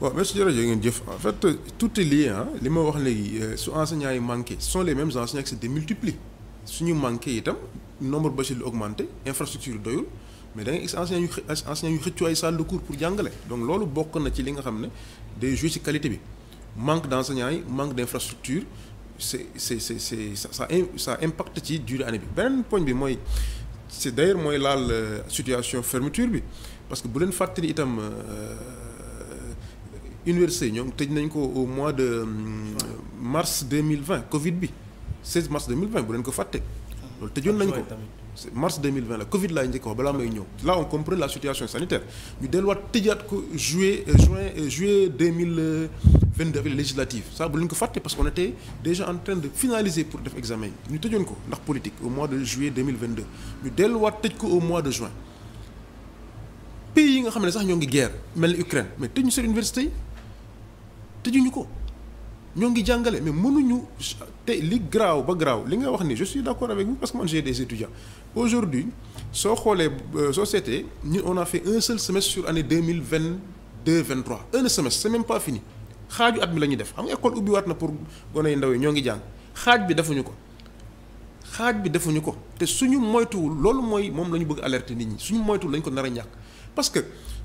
waaw mais suñu rajo ngeen jëf en fait tout est lié li ma wax léegi euh, su enseignants yi manqué ce sont les mêmes enseignants qui se démultiplient suñu manqué itam nombre bachelier lu augmenté infrastructure doyul mais da ngay gis enseignants yu enseignants yu xëccoo ay salle jàngale donc loolu bokk na ci li nga xam ne day joué ci qualité bi manque d' enseignants yi manque d' infrastructure c'est c'est c'est c'est sa ça impacte ci durée année bi beneen poñ bi mooy c'est d'ailleurs mooy laal euh, situation fermeture bi parce que bu leen fàttali itam euh, université ñoom tëj nañ ko au mois de euh, mars 2020 covid bi 16 mars 2020 bu leen ko fàtte loolu tëjoon nañ ko ah, mars 2020 la covid laay njëkk wax balaa may ñëw là on comprend la situation sanitaire ñu delluwaat tëjaat ko juillet euh, juin euh, de 2022 avec les législatives ça bu leen ko fàtte parce que on était déjà en train de finaliser pour def examen yi ñu tëjoon ko ndax politique au mois de juillet 2022 ñu delluwaat tëj ko au mois de juin pays yi nga xam ne sax ñoo ngi guerre mel ni Ukraine mais tëj ñu seen tëjuñu ko ñoo ngi jàngale mais mënuñu te li graaw ba graaw li nga wax ni je suis d'accord avec vous parce que man j'ai des étudiants aujourd'hui soo xoolee euh, soo seetee ñun on a fait un seul semestre sur année deux mille vingt deux vingt trois un semestre c'est même pas fini xaaju at mi la ñuy def xam nga école ubbiwaat na pour gone yu ndaw yi ñoo ngi jàng xaaj bi defuñu ko xaaj bi defuñu ko te suñu moytuwul loolu mooy moom la ñu bëgg alerter nit ñi suñu moytuwul lañ ko nar a ñàkk parce que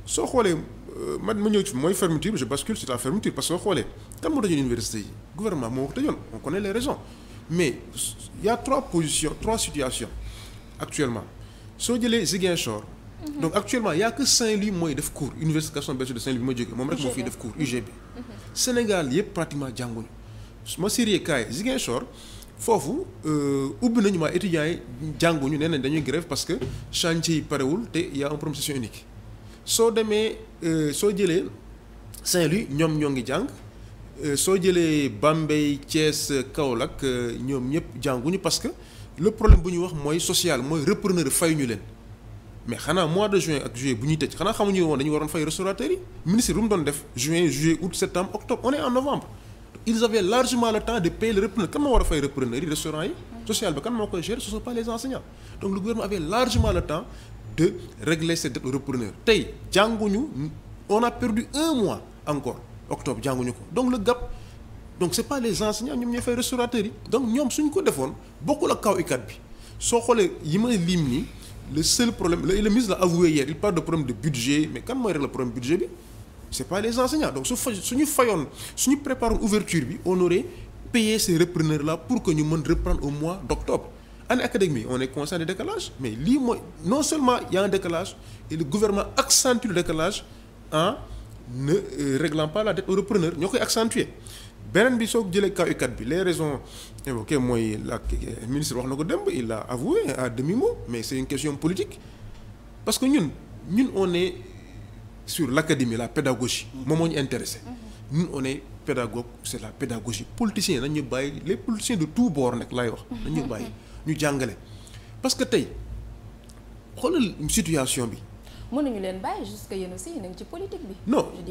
soo xoolee. Euh, man ma ñëw ci mooy fermeture je bascule sur la fermeture parce que xoolee kan moo tëjoon université yi gouvernement moo ko tëjoon on connaît les raisons mais il y a trois positions trois situations actuellement soo jëlee Ziguinchor. Mhm. donc actuellement il y a Saint-Louis mooy def cours université Gaston Berger de Saint-Louis bi ma jógee moom rek moo fiy def cours UGB. Mhm. Mhm. Sénégal yëpp pratiquement jànguñu ma sérieux kaay Ziguinchor foofu euh, ubbi nañu maa étudiants yi jànguñu nee nañ dañuy grève parce que chantier yi parewul te y a un soo demee euh, soo jëlee Saint-Louis ñoom ñoo ngi jàng euh, soo jëlee Bambey Thiès Kaolack euh, ñoom ñëpp jànguñu parce le problème bu ñuy wax mooy social mooy repreneur fay ñu leen mais xanaa mois de juin ak juillet bu ñuy tëj xanaa xamuñu woon dañu waroon fay restaurateurs yi ministre lu mu doon def juin juillet août septembre octobre on en novembre ils avaient largement le temps de payer le repreneur kan moo war a fay repreneur yi restaurant yi social bi kan moo koy gérer ce sont pas les le gouvernement de régler ses dettes repreneur tey jànguñu on a perdu un mois encore octobre jànguñu ko donc le gap donc c'est pas les enseignants ñoom ñooy fay restaurateurs yi donc ñoom suñ ko defoon bokkul a kaw ikat bi soo xoolee yi ma lim nii le seul problème le ministre l'a avoué hier il parle problème de budget mais kan mooy rek le problème budget bi c'est pas les enseignants donc su fa suñu fayoon suñu préparoon ouverture bi on aurait payé ces repreneurs là pour que ñu mën reprendre au mois d'octobre année académique on est conscient des décalages mais lii mooy non seulement il y a un décalage et le gouvernement accentue le décalage en ne euh, réglant pas la dette aux repreneurs ñoo koy accentuer beneen bi soo jëlee kaw kat bi les raisons évoquées mooy la euh, ministre wax na ko démb il l'a avoué à demi-mot mais c'est une question politique parce que ñun ñun on est sur l'académie la pédagogie moom moo ñu intéressé ñun on est pédagogue c'est la pédagogie politicien nañu bàyyi les politiciens de tout bord nag laay wax nañu bàyyi ñu jàngale parce que tey xoolal situation bi. mënuñu leen bàyyi jusque yéen aussi nañ ci politique bi. non je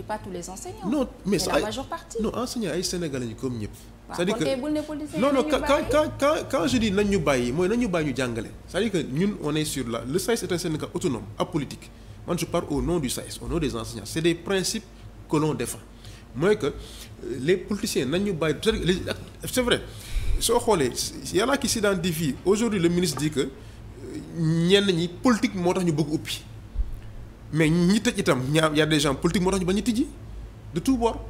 dis ay sénégalais ñu comme ñëpp. c'est-à-dire que non non quand quand quand quand je bàyyi mooy nañ ñu bàyyi ñu jàngale. c'est-à-dire que ñun on est la le SAES est un syndicat autonome apolitique man je parle au nom du SAES au nom des enseignants c'est des principes que l'on mooy que euh, les politiciens nañ ñu bàyyi c'est soo xoolee y en a qui s'identifient aujourd'hui le ministre dit que euh, ñenn ñi politique moo tax ñu bëgg uppi mais ñi tëj itam ñaar y a des gens politique moo tax ñu bañ a tijji de tout bord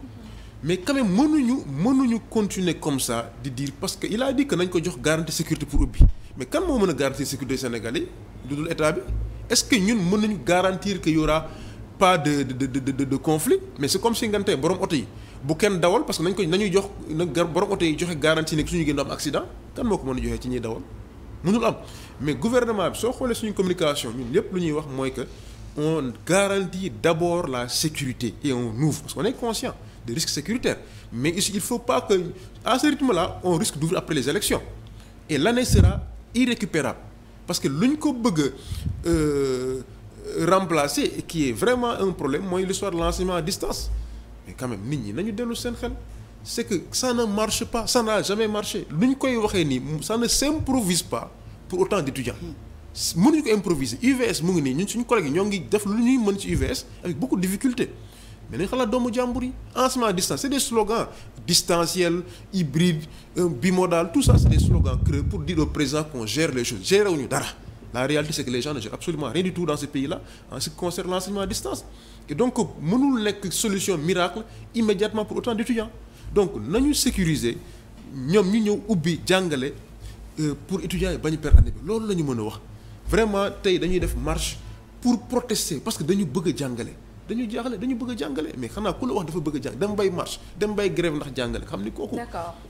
mais quand même mënuñu mënuñu continuer comme ça di dire parce que il a nañ ko jox garantie sécurité pour ubbi mais kan moo mën a garantir sécurité sénégalais du dul état bi est que ñun mën nañu garantir que y aura pas de de de de de conflit mais c'est comme si nga tey borom oto yi. bu kenn dawal parce que nañ ko nañuy jox nag gar borom oto yi joxe garantie ne suñu génn am accident kan moo ko mën a joxe ci ñuy dawal mënul am mais gouvernement bi soo xoolee suñu communication ñun lépp lu ñuy wax mooy que on garantit d'abord la sécurité et on ouvre parce qu'on est conscient des risques sécuritaires mais il faut pas que à ce rythme-là on risque d'ouvrir après les élections et l'année sera irrécupérable parce que lu ñu ko bëgg a euh, remplacer qui vraiment un problème mooy l'histoire de l'enseignement à distance mais quand nit ñi nañu dellu seen xel c'est que ça ne marche pas ça n'a jamais marché lu ñu koy waxee nii ça ne s'improvise pas pour autant d'étudiants mënuñu ko improviser UVS mu ngi nii ñun suñu collègue yi ñoo ngi def lu ñuy mën ci UVS avec beaucoup de difficulté mais nañ xalaat doomu jàmbur yi enseignement à distance c'est des slogans distanciel hybride euh, bimodal tout ça c'est des slogans creux pour dire au président qu'on gère les choses gérer wuñu dara la réalité c'est les gens ne gèrent absolument rien du tout dans ce pays-là en ce qui concerne l'enseignement à distance et donc mënul nekk solution miracle immédiatement pour autant d'étudiants donc na ñu sécuriser ñoom ñu ñëw ubbi jàngale euh, pour étudiants yi bañu per année bi loolu la mën a wax vraiment tey dañuy def marche pour protester parce que dañu bëgg jàngale dañu jaaxle dañu bëgg a jàngale mais xanaa ku la wax dafa bëgg a jàng dem bay marche dem bay grève ndax jàngale xam ni kooku. d'accord.